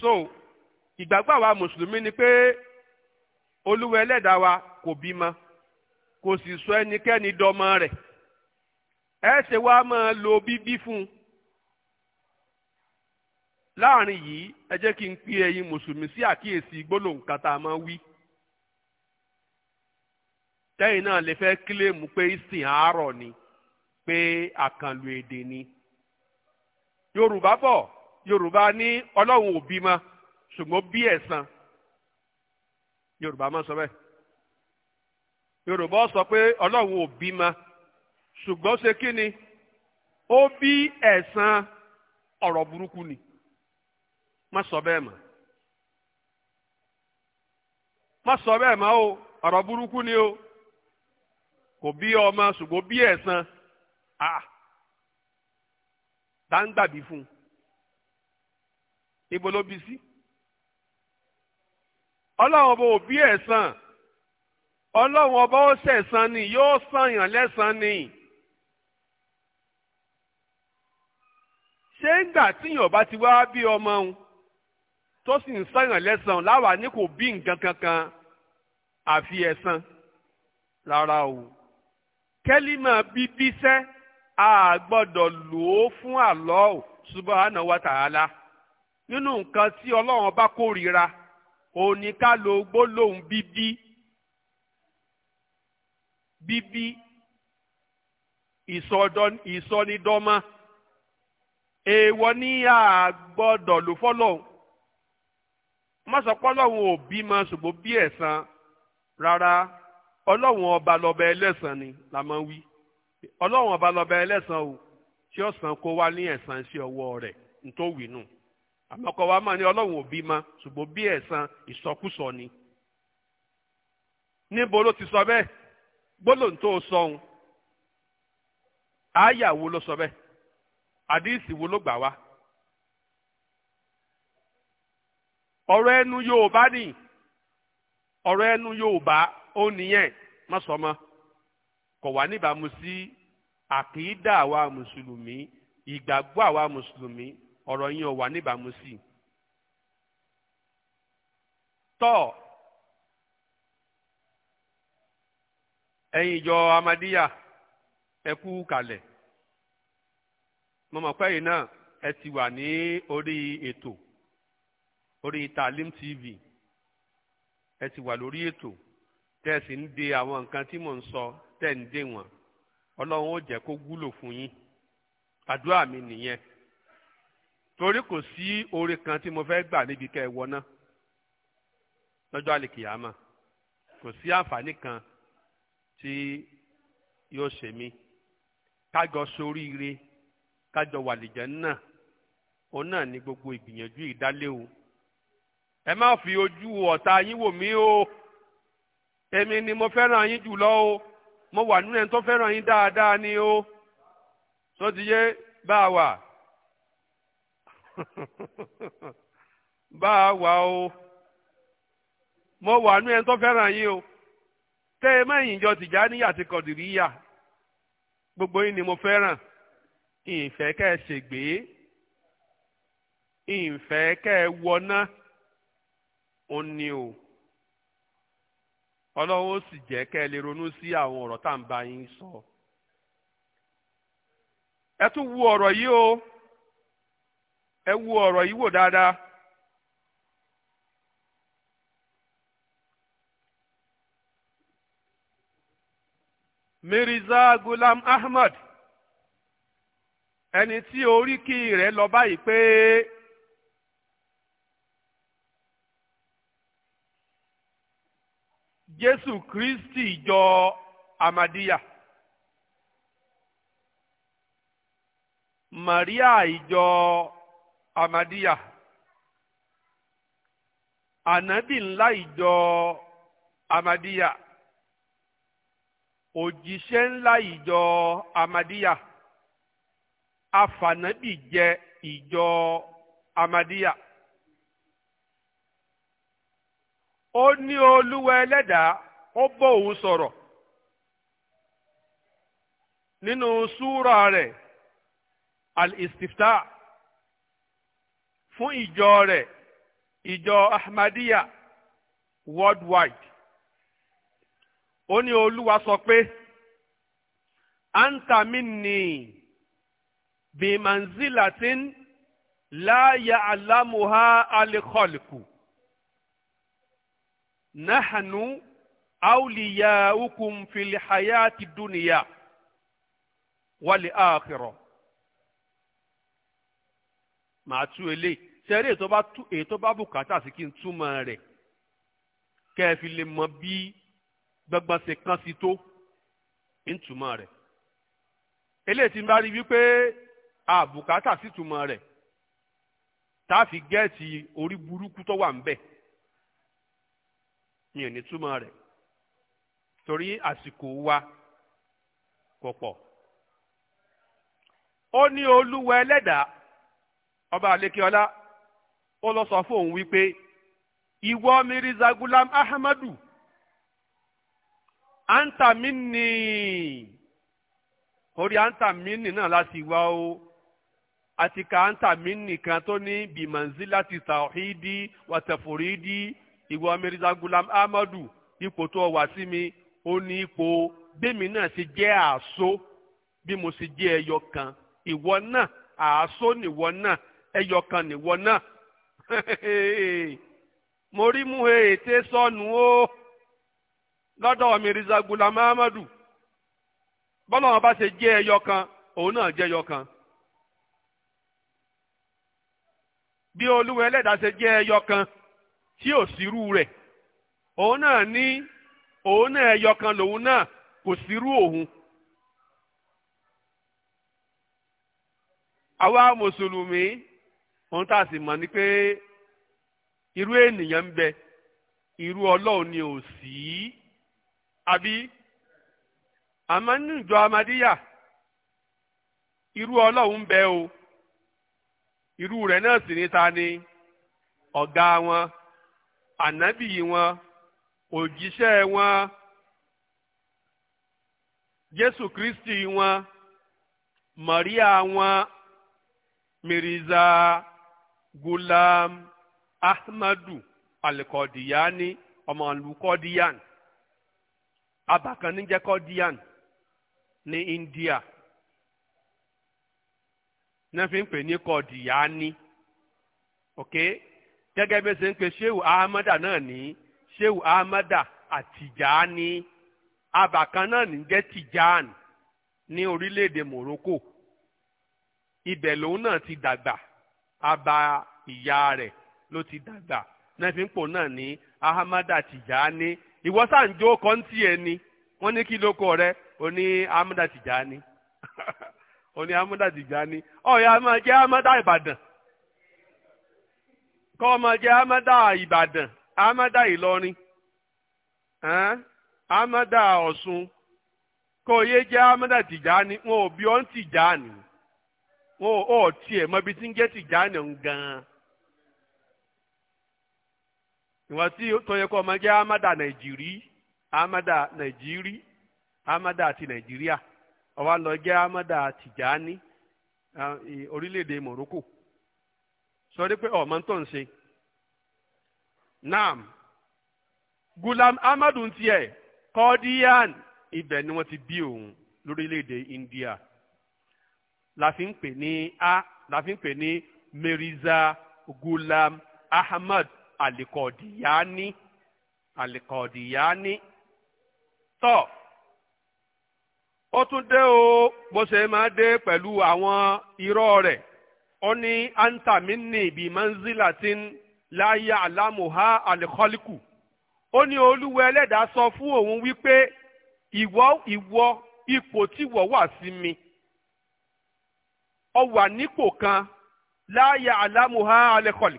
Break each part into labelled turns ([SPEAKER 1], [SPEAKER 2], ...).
[SPEAKER 1] so ìgbàgbọ́ àwa mùsùlùmí ni pé olúwa ẹlẹ́dàá wa kò bímọ kò sì sọ ẹnikẹ́ni dọmọ rẹ̀ ẹ ṣe wá máa lo bíbí fún un láàrin yìí ẹ jẹ́ kí n pe ẹ̀yin mùsùlùmí sí àkíyèsí gbólóhùn kan máa wí tẹ́yìn náà lè fẹ́ kílèmù pé ìsìn àárọ̀ ni pé àkànlò èdè ni yorùbá bọ̀ yorùbá ní ọlọ́run ò bímọ ṣùgbọ́n bí ẹ̀san yorùbá máa sọ bẹ́ẹ̀ yorùbá sọ pé ọlọ́run ò bímọ ṣùgbọ́n ṣe kí ni ó bí ẹ̀san ọ̀rọ̀ burúkú ni má sọ bẹ́ẹ̀ mọ́ má sọ bẹ́ẹ̀ mọ́ o ọ̀rọ̀ burúkú ni o kò bí ọmọ ṣùgbọ́n bí ẹ̀san à ah! dáńgbàbí fún un. níbo ló bí sí ọlọ́run ọba òbí ẹ̀ sàn ọlọ́run ọba ó sẹ̀sán ni yóò sànyàn lẹ́sàn ni ṣé ńgbà tíyàn bá ti wá bí ọmọ òun tó sì ń sànyàn lẹ́sàn láwa ní kò bí nǹkan kankan àfi ẹ̀san rárá o kẹ́límà bíbí sẹ́ a gbọ́dọ̀ lò ó fún Allah subhanahu wa ta'ala nínú nǹkan tí ọlọ́run bá kórìíra òun ni ká lo gbólóhùn bíbí bíbí ìsọnidọ́mọ èèwọ̀ ní a gbọ́dọ̀ lò fọ́lọ́hùn má sọ pé ọlọ́run ò bímọ ṣùgbọ́n bí ẹ̀san rárá ọlọ́run ọba lọ́ba ẹlẹ́san ni la máa ń wí ọlọ́run ọba lọ́ba ẹlẹ́san o tí ọ̀sán kó wá ní ẹ̀san sí ọwọ́ rẹ̀ nítòwínú. àmọ́ wa máa ní ọlọ́run ò ma ṣùgbọ́n bí ẹ̀san ìsọkúsọ ni. níbo ló ti sọ bẹ́ẹ̀ gbólóhùn tó sọhun àyà wo ló sọ bẹ́ẹ̀ àdíìsì wo ló gbà wá. ọ̀rọ̀ ẹnu Yorùbá ni ọ̀rọ̀ ẹnu Yorùbá ó nìyẹn má sọ mọ́ kò wá níbàámu sí àkìídà àwa mùsùlùmí ìgbàgbọ́ àwa mùsùlùmí ọ̀rọ̀ yín ọ̀wà wà níbàámu sí i. tọ́ ẹ̀yin ìjọ amadíyà ẹ kalẹ̀ náà ẹ ti wà ní orí ètò orí Talim TV ẹ ti wà lórí ètò tẹ́ ẹ de àwọn nǹkan tí mò ń sọ tẹ́ ẹ ń dè wọ́n torí kò sí oore kan tí mo fẹ́ gbà níbi kẹ́ ẹ wọná lọ́jọ́ àlìkìyàmà kò sí àǹfààní kan tí yóò ṣe mí kájọ soríire kájọ wàlìjẹ́ náà òun náà ni gbogbo ìgbìyànjú ìdálé o ẹ má fi ojú ọ̀tá yín wò mí o èmi ni mo fẹ́ràn yín jùlọ o mo wà nínú ẹni tó fẹ́ràn yín dáadáa ni o sọ ti yé bá a wà. bá a wà o mo wà nú ẹni tó fẹ́ràn yín o tẹ́ ẹ mẹ́yìn ìjọ Tìjàníyà àti Kọ̀dìríyà gbogbo yín ni mo fẹ́ràn ìfẹ́ kẹ́ ẹ ṣègbè ìfẹ́ kẹ́ ẹ wọná ó ní o ọlọ́wọ́ sì jẹ́ kẹ́ ẹ lè ronú sí àwọn ọ̀rọ̀ tá à ń bá yín sọ ẹ tún ọ̀rọ̀ yìí o. ẹ wo ọ̀rọ̀ yìí wò dáadáa. Mirza Gulam Ahmad ẹni tí oríkì rẹ̀ lọ báyìí pé Jésù Kristi jọ Amadiya Maria ìjọ. amadiya anabi ńlá ìjọ amadiya òjíṣẹ́ ńlá ìjọ amadiya afànábì jẹ ìjọ amadiya ó ní olúwa ẹlẹ́dàá ó bọ́ òun sọ̀rọ̀ nínú súra rẹ̀ al-istiftah. fún ìjọ rẹ̀ ìjọ Ahmadiyya worldwide ó ní olúwa sọ pé anta minni bimanzilatin la ya'lamuha al-khalqu nahnu awliyaukum fil hayati dunya wal akhirah màá tú eléyìí sẹ́rí èyí tó bá bùkátà sí kí n túmọ̀ rẹ̀ kẹ́ ẹ fi lè mọ bí gbọ́ngbọ́n ṣe kán sí tó ń túmọ̀ rẹ̀ eléyìí tí n bá rí wípé àbùkátà sí túmọ̀ rẹ̀ tá a fi gẹ́ẹ̀tì orí burúkú tó wà ń bẹ̀ mi ò ní túmọ̀ rẹ̀ torí àsìkò wa kò pọ̀ ó ní olúwa ẹlẹ́dàá ọba àlékeọlá ó lọ sọ fún òun wípé ìwọ Mirza Gulam Ahmadu anta minni orí anta minni náà láti wá o àti ka anta minni kan tó ní bimanzilati tawhidi wa tafuridi ìwọ Mirza Gulam Ahmadu ipò tó wà sí mi ó ní ipò bẹ́mi náà ṣe jẹ́ àṣọ bí mo ṣe jẹ́ ẹyọ kan ìwọ náà àṣọ nìwọ náà ẹyọ kan nìwọ náà. mo rí he ètè sọnù o lọ́dọ̀ Mirza Ghulam Ahmadu bọ́lá wọn bá ṣe jẹ́ ẹyọ kan òun náà jẹ́ ẹyọ kan. bí olúwa ẹlẹ́dàá ṣe jẹ́ ẹyọ kan tí ò sírú rẹ̀ òun náà ní òun náà ẹyọ kan lòun náà kò sírú òun. àwa mùsùlùmí ohun tá a sì mọ̀ ni pé irú ènìyàn ń bẹ irú ọlọ́run ni ò sí àbí àmọ́ nínú ìjọ amadíyà irú ọlọ́run ń bẹ o irú rẹ̀ náà sì ní ta ni ọ̀gá wọn ànábì wọn òjíṣẹ́ wọn jésù kristi wọn màríà wọn mìrìzà. gulam ahmadu alikọdiyani ọmọ ìlú kọdiyan abakan níjẹ́ ní india náà ń pè ní kọdiyani ok gẹ́gẹ́ bí ẹ ń pè sheu ahmada náà ní sheu ahmada àtijani abakan náà jẹ tijan ní orílẹ̀-èdè morocco ibẹ̀ lòun náà ti dàgbà. aba ìyá rẹ ló ti dàgbà náà náà ní ahamada tìjàní ìwọ sáà ń jó ẹ ni wọn ní kí ló kọ rẹ o ni ahamada tìjàní o ni ahamada tìjàní ọ̀ya máa jẹ́ ahamada ìbàdàn kọ́ ọ máa jẹ ahamada ìbàdàn ahamada ìlọrin ahamada ọ̀ṣun kó o yé jẹ́ ahamada tìjàní wọn ò bí ọ́ ń wọn ò tiẹ̀ mọ ibi tí ń jẹ́ tìjánà ń gan-an. ìwọ̀n tí tó yẹ kó ọmọ jẹ́ amada nàìjírí amada nàìjírí amada àti nàìjíríà ọwọ́ lọ jẹ́ amada tìjání orílẹ̀-èdè Morocco sọ de pé ọmọ tó ń ṣe. naam Gulam Amadu ń tiẹ̀ kọ́díyàn ibẹ̀ ni wọ́n ti bí òun lórílẹ̀-èdè India. la fi ń pè ní a la fi ń pè ní Mirza Ghulam Ahmad Alikodiyani Alikodiyani tọ́ ó tún dé o bó ṣe máa dé pẹ̀lú àwọn irọ́ rẹ̀ ó ní antamini bíi manzilatin la ya'lamuha alikọ́líkù ó ní olúwa ẹlẹ́dàá sọ fún òun wípé ìwọ ìwọ ipò tíwọ wà sí mi ọ wà nípò kan láàyè àlámùhá alẹ́kọ̀lì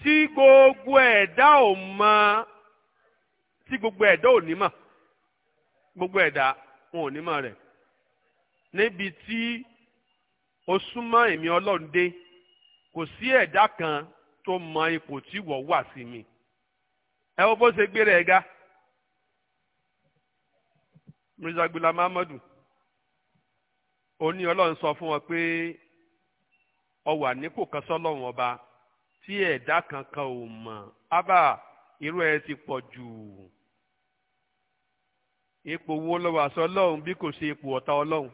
[SPEAKER 1] tí gbogbo ẹ̀dá ò mọ tí gbogbo ẹ̀dá ò ní mọ̀ gbogbo ẹ̀dá wọn ò ní mọ̀ rẹ̀ níbi tí o súnmọ́ èmi ọlọ́run dé kò sí ẹ̀dá kan tó mọ ipò tí wọ́n wà sí mi ẹ wo bó ṣe gbé rẹ̀ ga Mirza Ghulam Ahmadu ó ọlọ́run sọ fún wọn pé ọwà wà nípò kan sọ́lọ́run ọba tí ẹ̀dá kankan ò mọ̀ ábà irú ẹ ti pọ̀ jù ipò wo lọ́wọ́ wà ọlọ́run bí kò ṣe ipò ọ̀tá ọlọ́run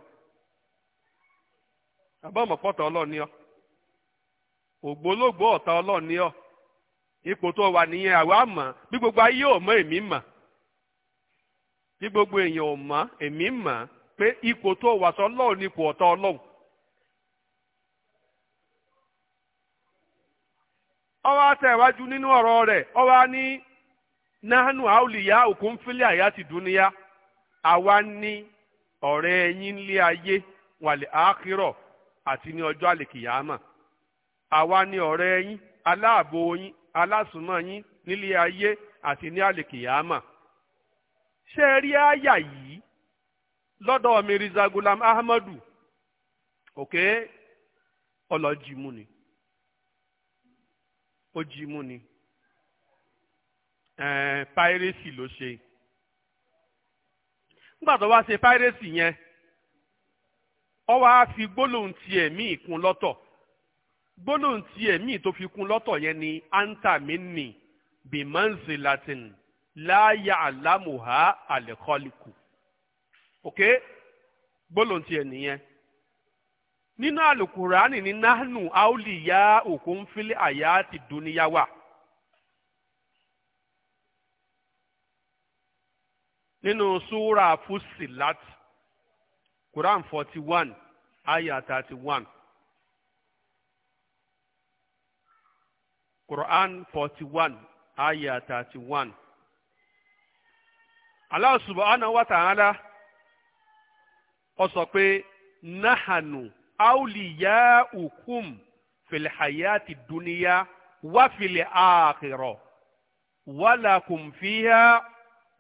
[SPEAKER 1] àbọ̀mọ̀pọ̀tọ̀ ọlọ́run ni ọ́ ògbólógbò ọ̀tá ọlọ́run ni ọ́ ipò tó wà nìyẹn àwa mọ̀ bí gbogbo ayé ò mọ̀ èmi mọ̀ bí gbogbo èèyàn ò mọ̀ èmi mọ̀ pé ipò tó wà sọ lọ́ọ̀ ní ipò ọ̀tọ̀ ọlọ́run. ọwọ́ àtẹ̀wájú nínú ọ̀rọ̀ rẹ̀ ọwọ́ á ní nahanu auliya òkun fílẹ̀ ti dúníyà àwa ní ọ̀rẹ́ yín lé ayé wàlẹ̀ àákírọ̀ àti ní ọjọ́ aláàbò nílé ayé àti ní lọ́dọ̀ Mirza Gulam Ahmadu òkè ọlọ́jìmú ni ó jìmú ni pírẹ́sì ló ṣe nígbà tó wá ṣe pírẹ́sì yẹn ó wá fi gbólóhùn tiẹ̀ míì kún lọ́tọ̀ gbólóhùn tiẹ̀ míì tó fi kún lọ́tọ̀ yẹn ni anta minni bimanzilatin la ya'lamuha al-khaliqu. ok gbólóhùn tiẹ̀ nìyẹn nínú àlùkùránì ní nánú áúlì yá òkun fílẹ̀ àyà ti dúníyá wà. nínú súra fusilat quran forty one ayah thirty one quran forty one ayah thirty one Allah subhanahu wa ta'ala ó sọ pé nahanu awliya ukum filhayati duniya wa fili akhirọ walakum fiha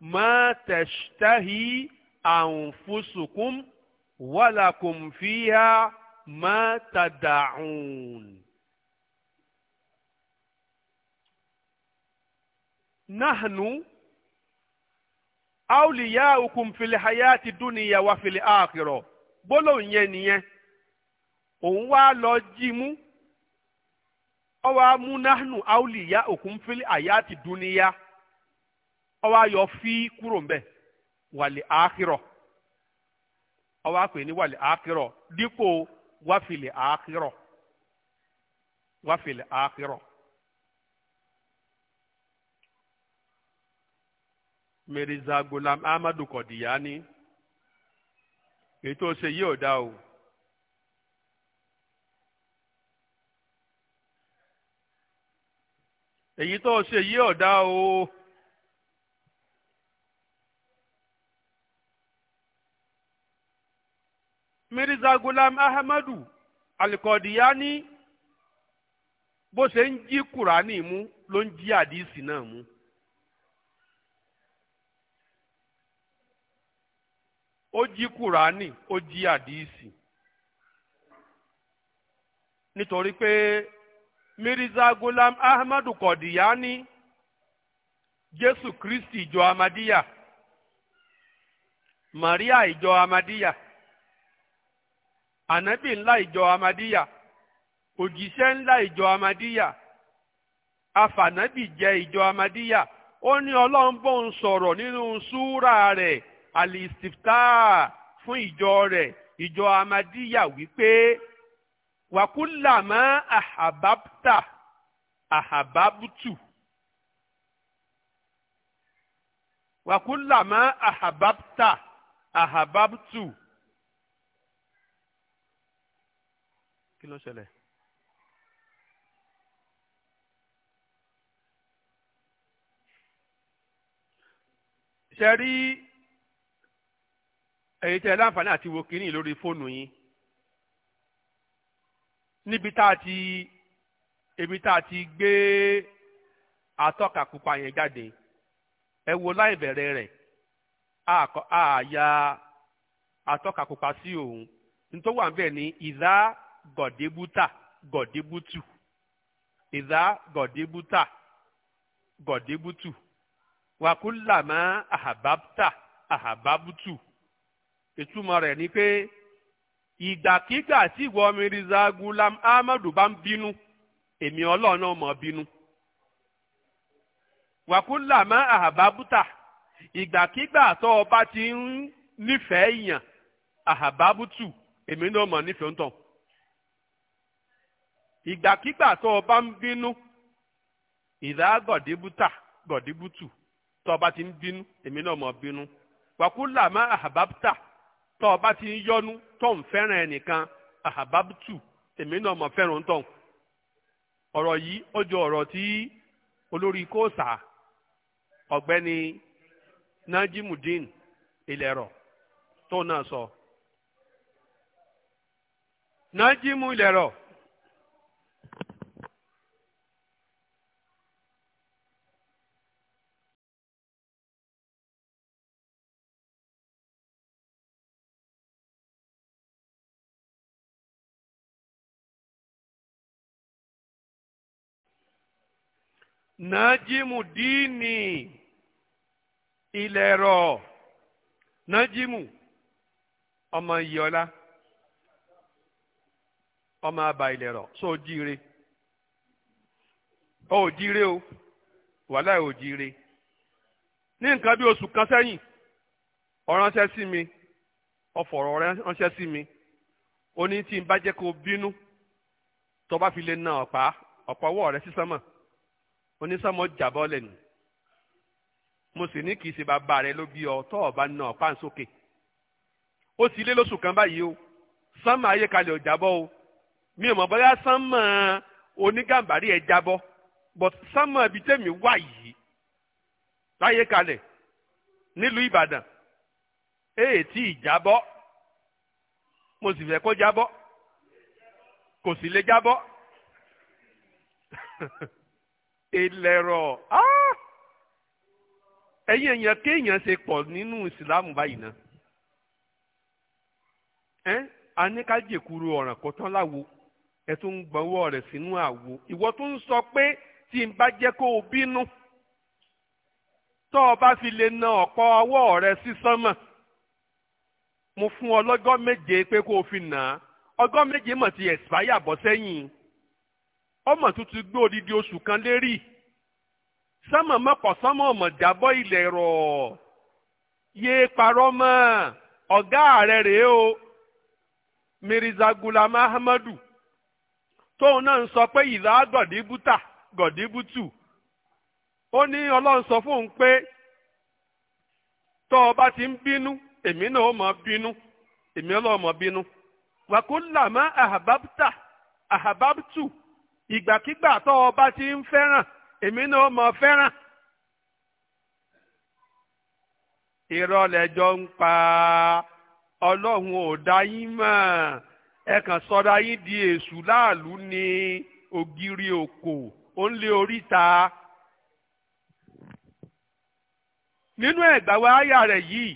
[SPEAKER 1] ma tashtahi anfusukum walakum fiha ma tada'un. nahanu awliya ukum fili hayati duniya wa fili akhirah gbólóhùn yẹn nìyẹn òun wá lọ jí mú ó wá mú nahnu awliya ukum fili hayati duniya ó wá yọ fi kúrò mbẹ wàlí akhirah ó wá ní wàlí akhirah dípò wàfìlì akhirah wàfìlì akhirah. Mirza Ghulam Ahmadu Kọ̀dìyání èyí tó ṣe yí ò dá o. èyí tó ṣe yí ò dá o. Mirza Ghulam Ahmadu Alikọ̀dìyání bó ṣe ń jí Kùránì mú ló ń jí àdìsí náà mú. ó jí kùránì ó jí àdìsí nítorí pé Mirza Gulam Ahmadu Kọ̀dìyání Jésù Kristi ìjọ Amadíyà Maria ìjọ Amadíyà ànábì ńlá ìjọ Amadíyà òjíṣẹ́ ńlá ìjọ Amadíyà afànábì jẹ ìjọ Amadíyà ó ní ọlọ́run bóun sọ̀rọ̀ nínú súúrà rẹ̀ alistifta fún ìjọ rẹ̀ ìjọ amadiya wípé wàkúlàmọ́ àhàbábtà àhàbábùtù wàkúlàmọ́ àhàbábtà àhàbábùtù kí ló ṣẹlẹ̀. ṣe rí èyí tẹ́ láǹfààní àti wo kínní lórí fóònù yín níbi tá a ti ibi tá a ti gbé atọ́ka pupa yẹn jáde ẹ wo láì bẹ̀rẹ̀ rẹ̀ a ya atọ́ka pupa sí òun nítorí wà ń bẹ̀ ní ìdá gọ̀débútà gọ̀débútù ìdá gọ̀débútà gọ̀débútù wàkúlàmọ́ àhàbábútà àhàbábútù ìtumọ̀ rẹ̀ ni pé ìgbàkígbà tí ìwọ Mirza Gulam Ahmadu bá ń bínú èmi ọlọ́run náà mọ̀ bínú. wàkúlà má àhàbábútà ìgbàkígbà tó o bá ti ń nífẹ̀ẹ́ èèyàn àhàbábútù èmi náà mọ̀ nífẹ̀ẹ́ ń tàn. ìgbàkígbà tó o bá ń bínú ìdá gọ̀díbútà gọ̀díbútù tó o bá ti ń bínú èmi náà mọ̀ bínú. wàkúlà má àhàbábútà tọ́ ọba ti ń yọnu tó ń fẹ́ràn ẹnìkan ahababtu èmi náà mọ̀ fẹ́ràn tọ̀ ọ̀rọ̀ yìí ó jọ ọ̀rọ̀ tí olórí kóòsà ọ̀gbẹ́ni ilẹ̀rọ̀ tó náà sọ. najimu ilẹ̀rọ̀. nájímù dini ìlẹ̀rọ̀ nájímù ọmọ iyọlá ọmọ àbá ìlẹ̀rọ̀ sọ jíire ọ ò jíire o wàhálà ò jíire ní nǹkan bí oṣù kan sẹ́yìn ó ránṣẹ́ sí mi ó fọ̀rọ̀ ránṣẹ́ sí mi ó ní tí n bá jẹ́ kó bínú tó bá fi lè na ọ̀pá ọ̀pá ọwọ́ rẹ sí Si onísọmọ jàbọ lẹnu mo sì ní kì í ṣe bàbá rẹ ló bí ọ tọ ọba náà pàǹsókè ó ti lé lóṣù kan báyìí o sánmà ayékalẹ̀ ò jábọ́ o mi ò mọ̀ bóyá sánmà onígàmbàrí ẹ̀ jábọ́ but sánmà ibi tẹ́mi wà yìí láyékalẹ̀ nílùú Ìbàdàn èè e tí ì jábọ́ mo sì fẹ́ kó jábọ́ kò sì lè jábọ́. ẹlẹ́rọ̀ ah! ẹ̀yin èèyàn kéèyàn ṣe pọ̀ nínú ìsìlámù báyìí náà ẹ́ a ní ká jèkúrú ọ̀ràn kó tán láwo ẹ tún ń gbọ́wọ́ rẹ̀ sínú àwo ìwọ tún ń sọ pé tí n bá jẹ́ kó o bínú tó o bá fi lè na ọ̀pọ̀ ọwọ́ rẹ sí sánmà mo fún ọ lọ́gọ́ méje pé kó o fi nà á ọgọ́ méje mọ̀ ti ẹ̀sìpáyà bọ́ sẹ́yìn ọmọ tuntun gbé odidi oṣù kan lérí. sánmọ̀ mọ́kọ̀ sánmọ̀ mọ̀ jábọ́ ilẹ̀ rọ̀ yé parọ́ mọ́ ọ̀gá ààrẹ rèé o mirza gulam ahmadu tóun náà ń pé ìlà gọ̀díbútà gọ̀díbútù ó ní ọlọ́run fún un pé tọ́ ọ bá ti ń bínú èmi náà ó mọ bínú èmi ọlọ́run mọ bínú wàkúńlàmọ́ ahababuta ahababutu ìgbàkigbà tọ́ ọ bá ti ń fẹ́ràn èmi náà mọ fẹ́ràn. irọ́ lẹ́jọ́ ń pa ọlọ́run ò dá yín mọ̀ ẹ kàn sọra yín di èṣù láàlú ní ògiri òkò ó ń lé oríta. nínú ẹ̀gbà wa áyà rẹ̀ yìí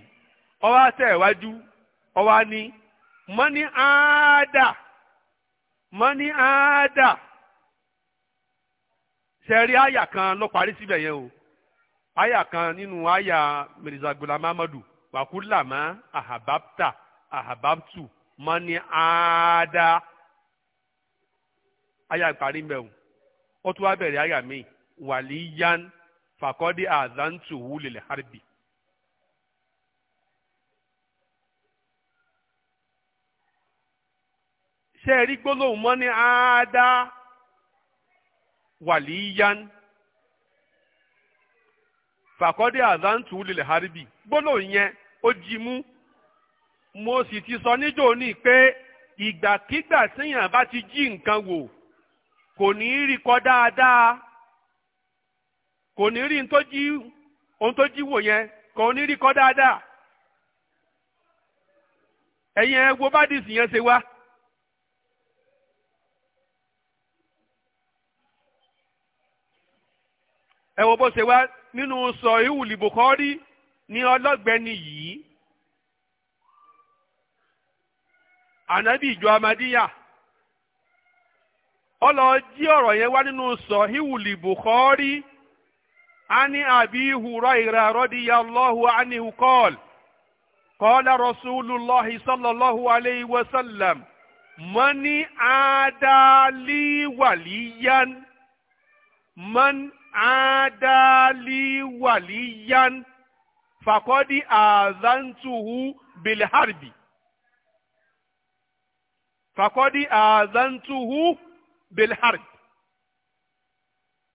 [SPEAKER 1] ọwá àtẹ̀ ọwá ọwọ́ ní mọ́ni áádà mọ́ni áádà. sẹ́rí àyà kan ló parí síbẹ̀ yẹn o àyà kan nínú àyà mirza gulam amadu wàkúlàmá ahabapta ahabaptu mọ́ni àádá àyà ìparí mbẹ́ o ó tún wá bẹ̀rẹ̀ àyà mi wàlíyán fàkọ́dé àzántu wúlilẹ̀ harbi. ṣé ẹ rí gbólóhùn mọ́ni àádá. wàlíyán fàkọ́dé àzáǹtù lè haribi gbólò yẹn ó jí mú mo sì ti sọ níjó ní pé ìgbàkigbà téèyàn bá ti jí nkan wò kò ní rí kọ dáadáa kò ní rí ohun tó jí wò yẹn kò ní rí kọ dáadáa ẹ̀yin ẹ wo bá dìsì yẹn ṣe wá. ẹ wo bó ṣe wá nínú sọ ìwùlì Bukhari ní ọlọ́gbẹ́ni yìí ànábì ìjọ amadíyà ọlọ jí ọ̀rọ̀ yẹn wá nínú sọ ìwùlì Bukhari ani abi Hurayra radiyallahu anhu qala qala rasulullahi sallallahu alayhi wa sallam mani adali waliyan àádáliwàlíyán fàkọ́dí àzántuhu bilharbi fàkọ́dí àzántuhu bilharbi.